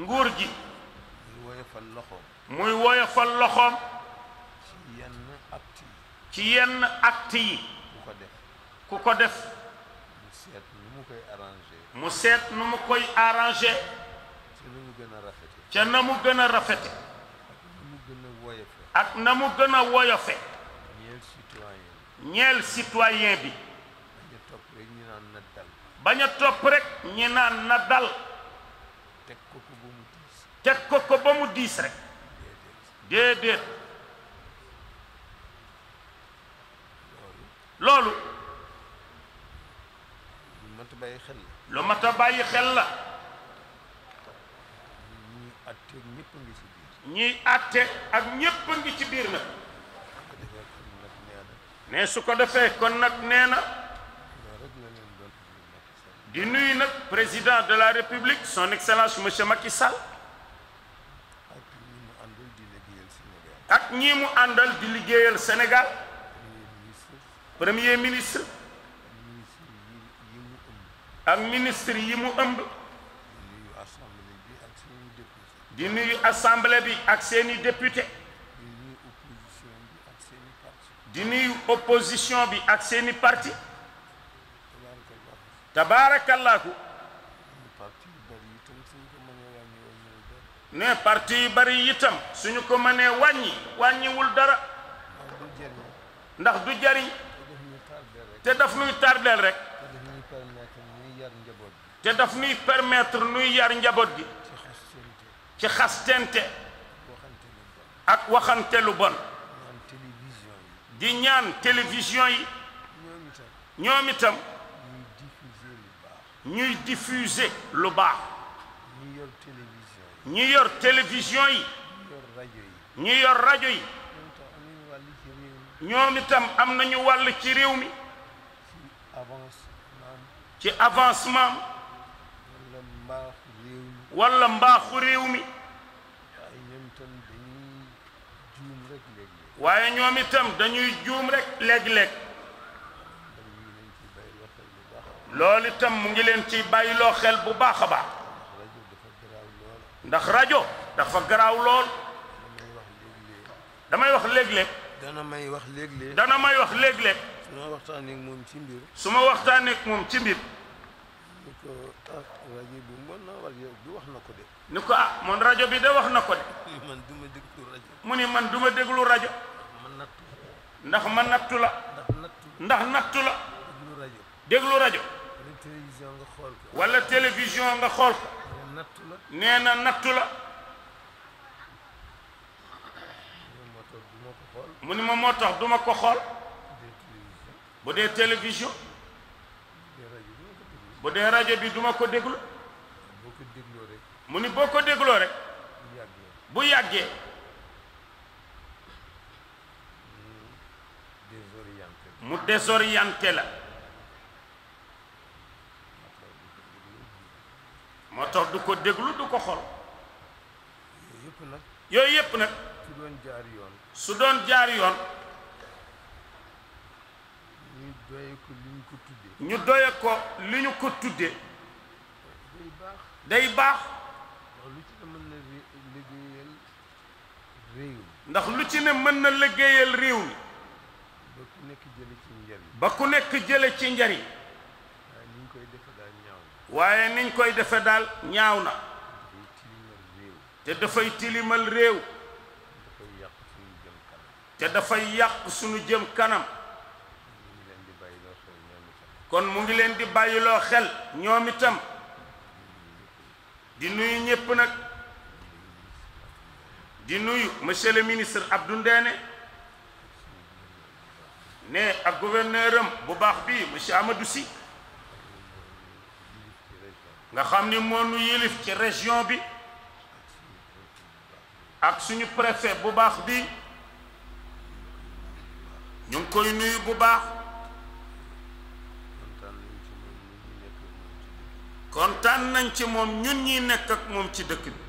nguur gi. muy woyofal loxoom. muy woyofal loxoom. ci yenn acte yi. yi. ku ko def. ku ko def. mu seet nu mu koy arrangé. mu seet nu mu koy arrangé. ca na mu gën a rafete. ca na mu gën a rafete. ak na mu gën a woyofe. ñeel citoyen bi. bañ a topp rek ñi naan na dal. bañ a ko teg ko ko ba mu diis rek déedéet loolu lu mat a bàyyi xel la lu mat bàyyi xel la ñiy àtte ñépp ngi ci biir ñiy àtte ak ñépp ngi ci biir nag ne su ko defee kon nag nee na di nuy nag président de la république son excellence monsieur Macky Sall ak ñii mu àndal di liggéeyal Sénégal premier ministre ak ministre yi mu ëmb di nuyu assemblée bi ak seeni député di nuyu opposition bi ak seeni parti tabaarakallaahu ne parti yu bari itam suñu ko mënee wàññi wàññiwul dara ndax du jariñ te daf nuy tardel rek te daf nuy permettre nuy yar njaboot gi ci xastente ak waxante lu bon di ñaan télévision yi ñoom itam ñuy diffuser lu baax ñu yor télévision yi ñu yor rajo yi ñoom itam am nañu wàll ci réew mi ci avancement wala mbaaxu réew mi waaye ñoom itam dañuy juum rek léeg-léeg loolu itam mu ngi leen ci ciy bàyyiloo xel bu baax a baax ndax rajo dafa garaaw lool damay wax léeg-léeg. dana may wax léeg-léeg. dana may wax léeg-léeg. su ma waxtaanee ak moom ci mbir. su ma waxtaanee ak moom ci mbir. ni ko ah rajo bi mën na rajo bi wax na ko de. ni ko ah man rajo bi de wax na ko de. man du ma déglu rajo. mu ni man du ma déglu rajo. ndax ma nattu la. ndax nattu la. déglu rajo. déglu rajo. wala télévision nga xool ko. nattu nee na nattu la mu ni ma moo tax duma ko xool bu dee télévision bu dee rajo bi duma ko déglu mu ni boo ko dégloo rek bu yàggee mu désorienté la du ko déglu du ko xol yooyu yëpp nag yooyu yëpp nag su doon jaar yoon su doon jaar yoon ñu doye ko li ñu ko tuddee ko li day baax day baax ndax lu ci ne mën na liggéeyal réew mi ba ku nekk jële ci njariñ ba ku nekk jële ci njariñ waaye niñ koy defe daal ñaaw na te dafay tilimal réew te dafay yàq sunu jëm kanam kon mu ngi leen di bàyyiloo xel ñoom itam di nuyu ñépp nag di nuyu monsieur le ministre Abdou Ndéné ne ak gouverneur am bu baax bii monsieur Amadou Sy nga xam ni moo nu yilif ci région bi ak suñu préfet bu baax bi ñu ngi koy nuyu bu baax kon tànn nañ ci moom ñun ñi nekk ak moom ci dëkk bi